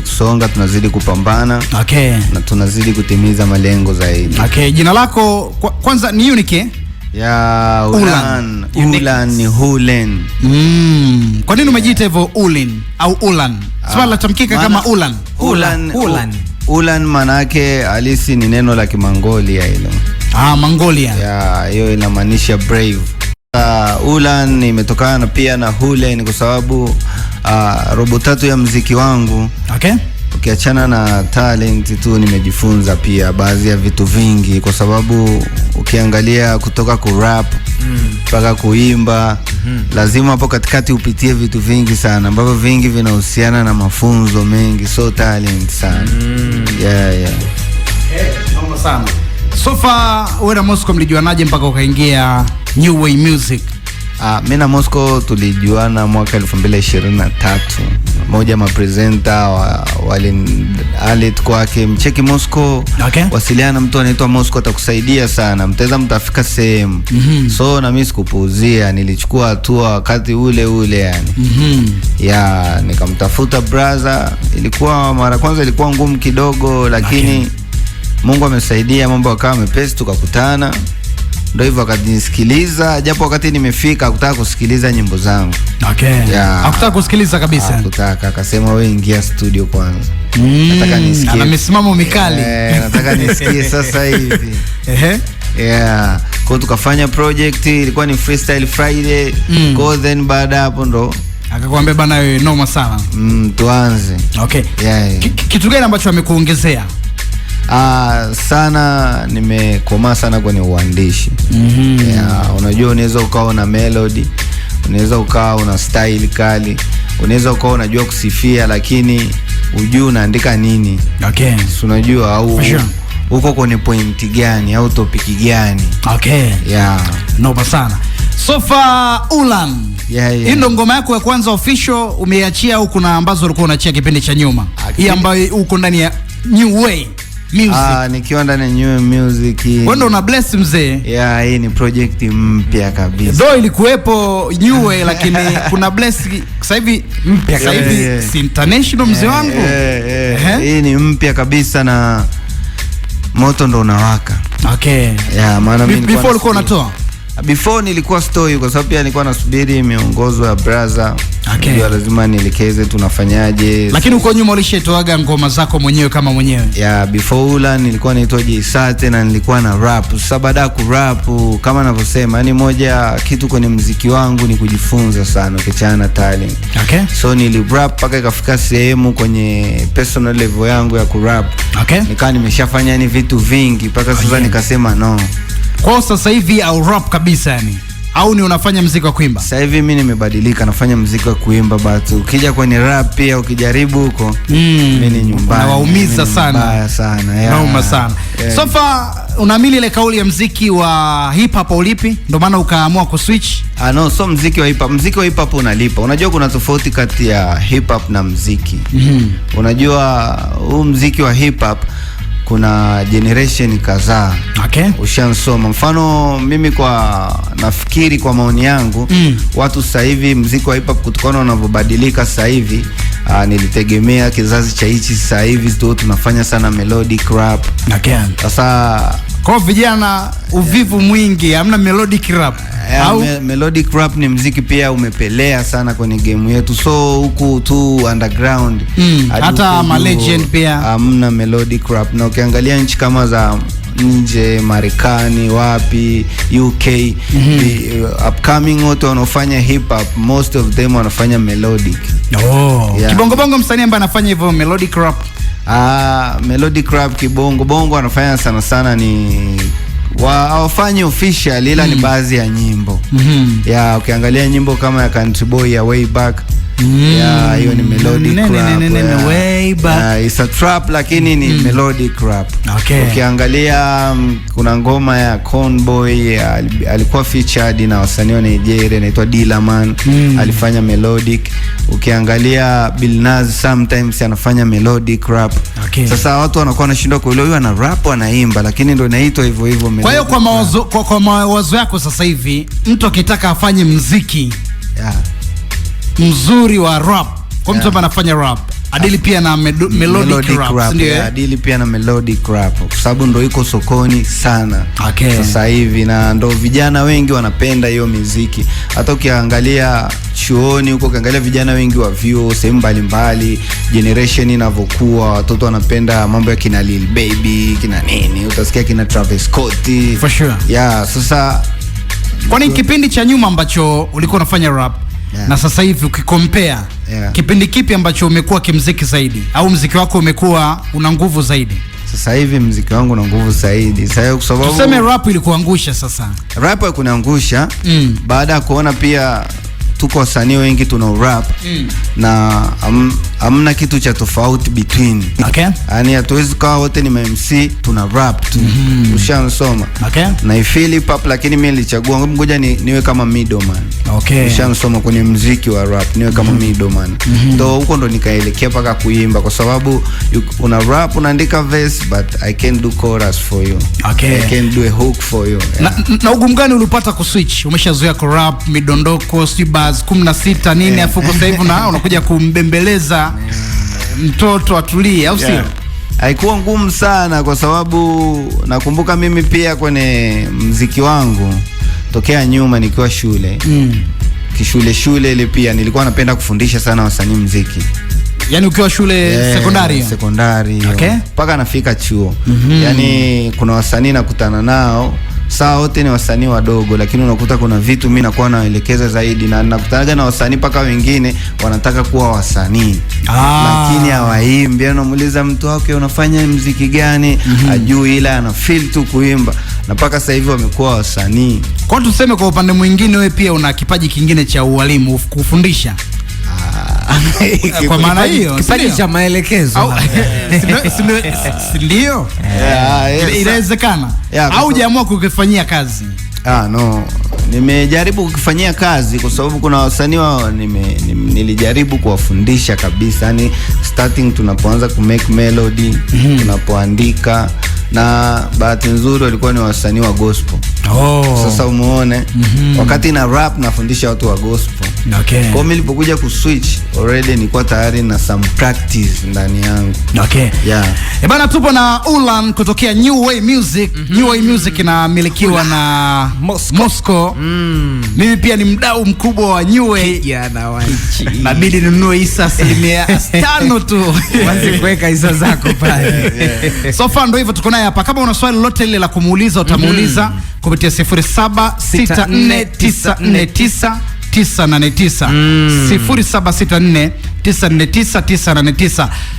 tunazidi kusonga, tunazidi kupambana okay, na tunazidi kutimiza malengo zaidi okay. Jina lako kwa, kwanza ni unique eh? ya Ulan. Ulan ni Hulen. Mm. Kwa nini umejiita hivyo Ulin au Ulan? Ah, Swala tamkika Mana, kama Ulan. Ulan. Ulan. Ulan manake alisi ni neno la kimangolia hilo. Ah, mangolia Ya, hiyo inamaanisha brave. Uh, Ulan imetokana pia na Hulen kwa sababu uh, robo tatu ya mziki wangu okay. Ukiachana na talent tu, nimejifunza pia baadhi ya vitu vingi, kwa sababu ukiangalia kutoka ku rap mm. mpaka mm. kuimba mm. lazima hapo katikati upitie vitu vingi sana, ambavyo vingi vinahusiana na mafunzo mengi, so talent sana mm. yeah, yeah. Hey, eh, Sofa, wewe na Mosco mlijuanaje mpaka ukaingia New Way Music? Ah, mi na Mosco tulijuana mwaka tatu moja mapresenta walinaleti wa kwake mcheki Mosco okay. Wasiliana na mtu anaitwa Mosco atakusaidia sana, mteza mtafika sehemu mm -hmm. So na mimi sikupuuzia, nilichukua hatua wakati ule ule yani mm -hmm. ya nikamtafuta brother. Ilikuwa mara kwanza ilikuwa ngumu kidogo, lakini okay. Mungu amesaidia mambo akawa mepesi, tukakutana ndo hivyo akanisikiliza, japo wakati nimefika hakutaka kusikiliza nyimbo zangu. Okay. Yeah. Hakutaka kusikiliza kabisa. Hakutaka, akasema wewe ingia studio kwanza. Mm. nisikie. Ana misimamo mikali. Eh, nataka nisikie sasa hivi. Ehe. Yeah. Kwa tukafanya project ilikuwa ni Freestyle Friday. Mm. go then baada hapo ndo akakwambia bana wewe noma sana. Mm, tuanze. Okay. Yeah. Kitu gani ambacho amekuongezea? Ah, sana nimekomaa sana kwenye uandishi mm -hmm. Yeah, unajua unaweza ukawa una melody, unaweza ukawa una style kali, unaweza ukawa unajua kusifia, lakini ujui unaandika nini okay. Unajua au sure. Uko kwenye pointi gani au topiki gani? Okay. Yeah. Noba sana. sofa ulan Yeah, yeah. Hii ndo ngoma yako ya kwanza official umeiachia au kuna ambazo ulikuwa unaachia kipindi cha nyuma? Ah, Hii ambayo uko ndani ya New Way. Music. Ah, nikiwa ndani ya New Music. Wewe ndo una bless mzee. Yeah, hii ni project mpya kabisa. Ndio ilikuwepo New lakini kuna bless sasa hivi mpya sasa hivi yeah, yeah. Si international mzee wangu. Yeah, yeah, yeah. Hii ni mpya kabisa na moto ndo unawaka. Okay. Yeah, maana mimi before ulikuwa unatoa Before nilikuwa story kwa sababu pia nilikuwa nasubiri miongozo ya brother Okay. Ndio lazima nielekeze tunafanyaje. Lakini huko nyuma ulishetoaga ngoma zako mwenyewe kama mwenyewe. Yeah, before ula nilikuwa naitwa Sate na nilikuwa na rap. Sasa baada ya kurap kama ninavyosema, yani moja kitu kwenye mziki wangu ni kujifunza sana kichana na talent. Okay. So nili rap mpaka ikafika sehemu kwenye personal level yangu ya kurap. Okay. Nikawa nimeshafanya ni vitu vingi mpaka sasa, oh, yeah. Nikasema no Kwao sasa hivi au rap kabisa yani au ni unafanya mziki wa kuimba? Sasa hivi mimi nimebadilika, nafanya mziki wa kuimba but ukija kwenye rap pia ukijaribu huko hmm. mimi ni nyumbani. Nawaumiza sana. Sana. Yeah. Nauma sana. Yeah. sofa unaamini ile kauli ya mziki wa hip hop ulipi? Ndio maana ukaamua kuswitch? Ah no, so mziki wa hip hop, mziki wa hip hop unalipa. Unajua kuna tofauti kati ya hip hop na mziki. Mm -hmm. Unajua huu mziki wa hip hop kuna generation kadhaa okay. Ushansoma mfano mimi kwa nafikiri kwa maoni yangu mm. Watu sasa hivi mziki wa hip hop kutokana unavyobadilika sasa hivi Uh, nilitegemea kizazi cha hichi sasa hivi tunafanya sana melodic rap. Sasa kwa vijana uvivu mwingi, hamna melodic rap. Yeah, au me melodic rap ni mziki pia umepelea sana kwenye game yetu, so huku tu underground mm, hata ma legend pia hamna melodic rap, na ukiangalia nchi kama za nje Marekani, wapi UK, mm -hmm. The uh, upcoming wote wanaofanya hip hop most of them wanafanya melodic. Oh. Yeah. Kibongo bongo msanii ambaye anafanya hivyo melodic rap Ah, Melody Club kibongo bongo wanafanya sana sana ni hawafanyi official ila mm. ni baadhi ya nyimbo mm -hmm. ya ukiangalia nyimbo kama ya Country Boy ya Way Back Mm. trap lakini ni mm. melodic rap okay. Ukiangalia um, kuna ngoma ya Conboy alikuwa featured na wasanii wa Nigeria inaitwa Dilaman mm. alifanya melodic. Ukiangalia Billnass sometimes anafanya melodic rap okay. Sasa watu wanakuwa wanashindwa kuelewa huyu ana rap anaimba, lakini ndo inaitwa hivyo hivyo. Kwa hiyo kwa mawazo kwa, kwa mawazo yako sasa hivi mtu akitaka afanye mziki yeah mzuri wa rap kwa mtu ambaye anafanya rap Adili ah. pia na melodic melodic rap, rap, yeah. Adili pia na melodic rap kwa sababu ndo iko sokoni sana okay. Sasa hivi na ndo vijana wengi wanapenda hiyo muziki. Hata ukiangalia chuoni huko, ukiangalia vijana wengi wa vyuo sehemu mbalimbali, generation inavyokuwa, watoto wanapenda mambo ya kina Lil Baby kina nini, utasikia kina Travis Scott for sure. Yeah, sasa kwa nini kipindi cha nyuma ambacho ulikuwa unafanya rap na sasa hivi ukikompea yeah. kipindi kipi ambacho umekuwa kimziki zaidi au mziki wako umekuwa una nguvu zaidi? Sasa hivi mziki wangu na nguvu zaidi. Sasa kwa sababu tuseme rap ilikuangusha sasa. Rap ikuniangusha mm. baada ya kuona pia tuko wasanii wengi tuna rap mm. na um, hamna kitu cha tofauti between. Okay. Yaani hatuwezi kawa wote ni MC tuna rap tu. Mm -hmm. Ushansoma. Okay. Na i feel hip hop lakini mimi nilichagua ngoja ni, niwe kama middleman. Okay. Ushansoma kwenye mziki wa rap niwe kama mm -hmm. middleman. Mm -hmm. Ndio huko ndo nikaelekea paka kuimba kwa sababu una rap unaandika verse but I can do chorus for you. Okay. I can do a hook for you. Yeah. Na, na ugumu gani ulipata ku switch? Umeshazoea ku rap midondoko, si bars 16 nini eh. afuko sasa hivi na unakuja kumbembeleza mtoto atulie, au sio? Yeah. Haikuwa ngumu sana kwa sababu nakumbuka mimi pia kwenye mziki wangu tokea nyuma nikiwa shule mm. kishule shule ile pia nilikuwa napenda kufundisha sana wasanii mziki Yani ukiwa shule yeah, sekondari sekondari mpaka okay. nafika chuo mm -hmm. Yani kuna wasanii nakutana nao saa wote ni wasanii wadogo, lakini unakuta kuna vitu mimi nakuwa naelekeza zaidi, na nakutanaga na wasanii mpaka wengine wanataka kuwa wasanii ah, lakini hawaimbi. Yaani unamuuliza mtu wake unafanya mziki gani? mm -hmm. Ajui, ila ana feel tu kuimba, na mpaka sasa hivi wamekuwa wasanii. Kwa tuseme, kwa upande mwingine, wewe pia una kipaji kingine cha ualimu, kufundisha kwa maana hiyo kipaji cha maelekezo ndio inawezekana, au jaamua kukifanyia kazi? Ah, no, nimejaribu kukifanyia kazi kwa sababu kuna wasanii wao nilijaribu kuwafundisha kabisa, yani starting tunapoanza ku make melody mm -hmm. tunapoandika na bahati nzuri walikuwa ni wasanii wa gospel. Oh. Sasa umeone mm -hmm. Wakati na rap nafundisha watu wa gospel. Okay. Kwa mimi nilipokuja ku switch already nilikuwa tayari na some practice ndani yangu. Okay. Yeah. Eh, bana tupo na Ulan kutokea New Way Music. Mm -hmm. New Way Music mhm. inamilikiwa na Moscow. Moscow. Mm. Mimi pia ni mdau mkubwa wa New Way. Kijana wa nchi. Nabidi ninunue hisa asilimia tano tu. Wazi kuweka hisa zako pale. So far ndio hivyo tuko naye hapa. Kama una swali lolote lile la kumuuliza utamuuliza mm. kupitia 0764949 mm.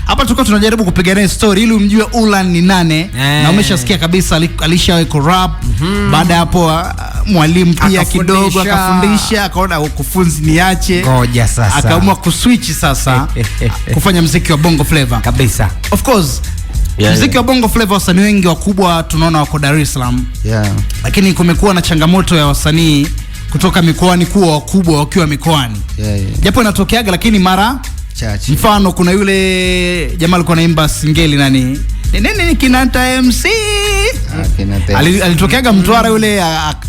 Hapa tulikuwa tunajaribu kupiga naye story ili umjue Ulan ni nane eh. na umeshasikia kabisa alishawahi rap mm -hmm. baada ya hapo uh, mwalimu pia kidogo akafundisha, akaona ukufunzi niache, ngoja sasa, akaamua kuswitch sasa kufanya mziki wa bongo flavor kabisa, of course yeah, muziki yeah. wa bongo flava wasanii wengi wakubwa tunaona wako Dar es Salaam yeah. Lakini kumekuwa na changamoto ya wasanii kutoka mikoani kuwa wakubwa wakiwa mikoani yeah, yeah. Japo inatokeaga lakini mara chache. Mfano kuna yule jamaa alikuwa anaimba singeli nani nini Kinata MC ah, alitokeaga Mtwara yule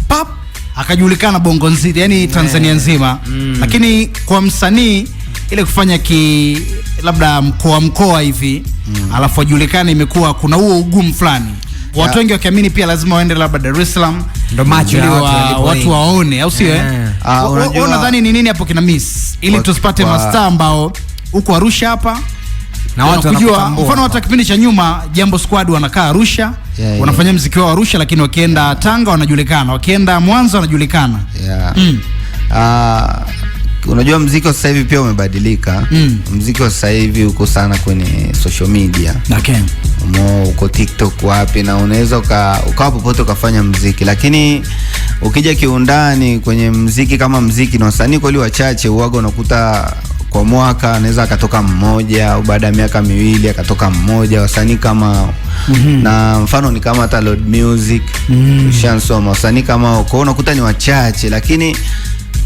pap akajulikana bongo nzima yani Tanzania nzima, mm. lakini kwa msanii ile kufanya ki labda mkoa mkoa hivi mm. alafu ajulikane, imekuwa kuna huo ugumu fulani yeah. Watu wengi wakiamini pia lazima waende labda Dar es Salaam ndo macho wa, watu waone, au sio? Eh, eh. unadhani ni nini hapo kina miss, ili tusipate mastaa ambao huko Arusha hapa na watu wanakujua, mfano hata kipindi cha nyuma Jambo Squad wanakaa Arusha yeah, yeah. wanafanya mziki wao Arusha, lakini wakienda Tanga wanajulikana, wakienda Mwanza wanajulikana yeah. mm. Uh, unajua mziki wa sasa hivi pia umebadilika. Mm. Mziki wa sasa hivi uko sana kwenye social media. Okay. Umo, uko TikTok wapi, na unaweza ukawa popote ukafanya mziki, lakini ukija kiundani kwenye mziki kama mziki na wasanii kweli wachache, uwaga unakuta kwa mwaka anaweza akatoka mmoja au baada ya miaka miwili akatoka mmoja wasanii kama mm -hmm. na mfano ni kama hata Lord Music mm -hmm. Shansoma wasanii kama uko unakuta ni wachache, lakini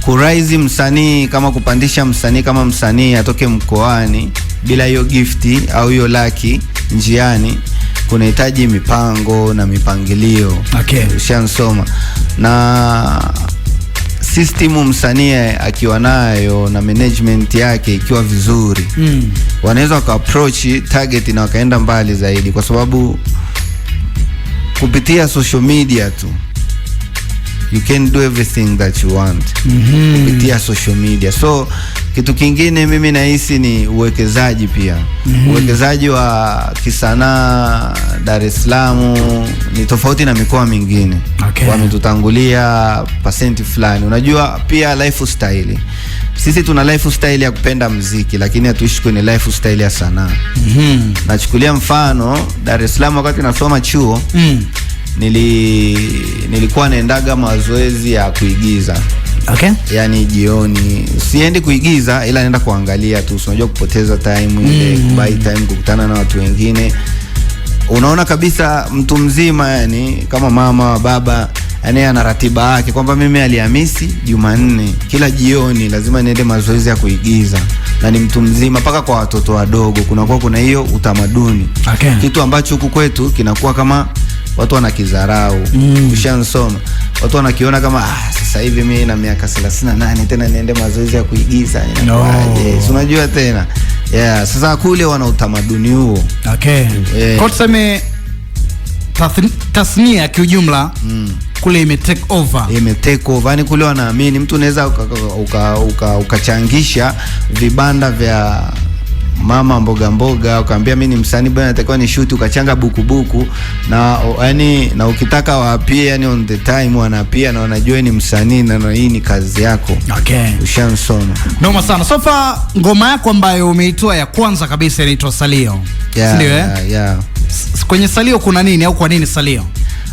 kuraisi msanii kama kupandisha msanii kama msanii atoke mkoani bila hiyo gifti au hiyo laki njiani kunahitaji mipango na mipangilio. Okay. Ushansoma na system msanii akiwa nayo na management yake ikiwa vizuri mm. Wanaweza waka approach target na wakaenda mbali zaidi, kwa sababu kupitia social media tu you can do everything that you want mhm. kupitia mm -hmm. social media. So kitu kingine mimi nahisi ni uwekezaji pia mm -hmm. uwekezaji wa kisanaa Dar es Salaam ni tofauti na mikoa mingine okay. wametutangulia pasenti fulani, unajua pia lifestyle sisi tuna lifestyle ya kupenda mziki lakini hatuishi kwenye lifestyle ya sanaa. mm -hmm. Nachukulia mfano Dar es Salaam wakati nasoma chuo mm nili, nilikuwa naendaga mazoezi ya kuigiza Okay. Yani jioni siendi kuigiza ila naenda kuangalia tu, unajua kupoteza time ile, kubai mm. time kukutana na watu wengine, unaona kabisa mtu mzima yani kama mama baba yani ana ratiba yake kwamba mimi Alhamisi, Jumanne kila jioni lazima niende mazoezi ya kuigiza na ni mtu mzima mpaka kwa watoto wadogo kunakuwa kuna hiyo utamaduni okay. Kitu ambacho huku kwetu kinakuwa kama watu wanakidharau mm. Ushansoma, watu wanakiona kama ah, sasa hivi mi na miaka 38 tena niende mazoezi ya kuigiza inakuaje? No. Unajua tena yeah. Sasa kule wana utamaduni huo okay. Yeah. tuseme tasnia kiujumla mm. Kule ime take over, ime take over yani, kule wanaamini mtu unaweza ukachangisha uka, uka, uka vibanda vya mama mboga mboga, ukaambia mimi ni msanii bwana, natakiwa ni shoot, ukachanga bukubuku na yani, na ukitaka waapie yani on the time wanapia na wanajua ni msanii na hii ni kazi yako. Okay, ushansoma noma sana. sofa ngoma yako ambayo umeitoa ya kwanza kabisa inaitwa Salio, yeah, ndio eh? Yeah, yeah. Kwenye Salio kuna nini au kwa nini Salio?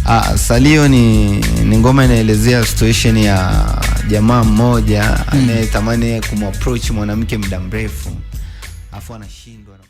Ah, Salio ni, ni ngoma inaelezea situation ya jamaa mmoja hmm. anayetamani kumapproach mwanamke muda mrefu Afona shindwa